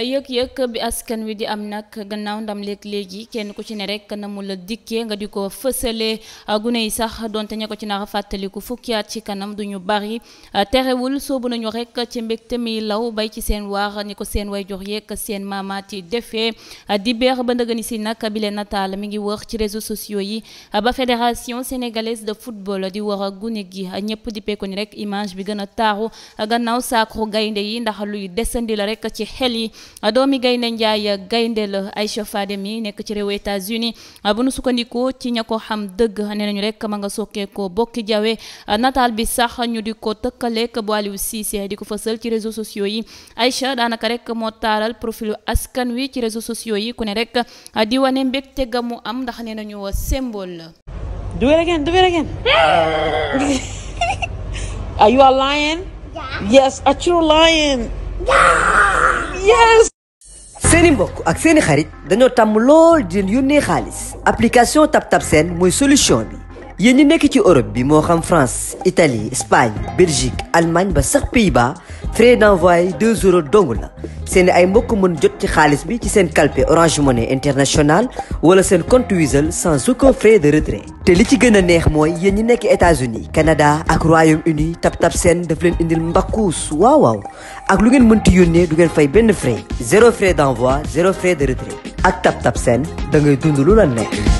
yëg-yëg bi askan wi di am nag gannaaw ndam léeg léegi kenn ku ci ne rek na mu la dikkee nga di ko fësalee ah, gune yi sax donte ña ko ci nar a fàttaliku fukki at ci kanam du ñu bari ah, terewul soobu nañu rek ci te mi law bay ci seen waar ni ko seen way jox yeeg seen maamaat yi defee ah, di beer ba ndëgëni si nag bile nataal mi ngi wër ci réseau sociaux yi ba fédération sénégalaise de football di war a gune gi ñëpp di peko ni rek image bi gën a taaru gannaaw saakru gaynde yi ndax luy desandi la rek ci xel yi doomi gaynde Njaay gaynde la Aïcha Fadem yi nekk ci réewu États-Unis bu nu sukkandikoo ci ña ko xam dëgg nee nañu rek ma nga sokkee ko bokki jawe nataal bi sax ñu di ko tëkkaleek bu Aliou Cissé di ko fësal ci réseaux sociaux yi Aïcha daanaka rek moo taaral profilu askan wi ci réseaux sociaux yi ku ne rek di wane mbégte ga mu am ndax nee nañu symbole la. a lion? Yeah. yes. seeni mbokk ak seeni xarit dañoo tàmm lool di leen yónnee xaalis application TapTap Send mooy solution bi. yéen ñi nekk ci Europe bi moo xam France Italie Espagne Belgique Allemagne ba sax Pays-Bas frais d'envoi 2 euros dong la seen ay mbokk mën jot ci xaalis bi ci seen kalpe Orange Money International wala seen compte Wizall sans aucun frais de retrait. te li ci gën a neex mooy yéen ñi nekk États-Unis Canada ak Royaume-Uni TapTap Send daf leen indil mbakkuus waaw waaw ak lu ngeen mënti yónnee du ngeen fay benn frais zéro frais d'envoi zéro frais de retrait ak TapTap da ngay dund lu la nekk.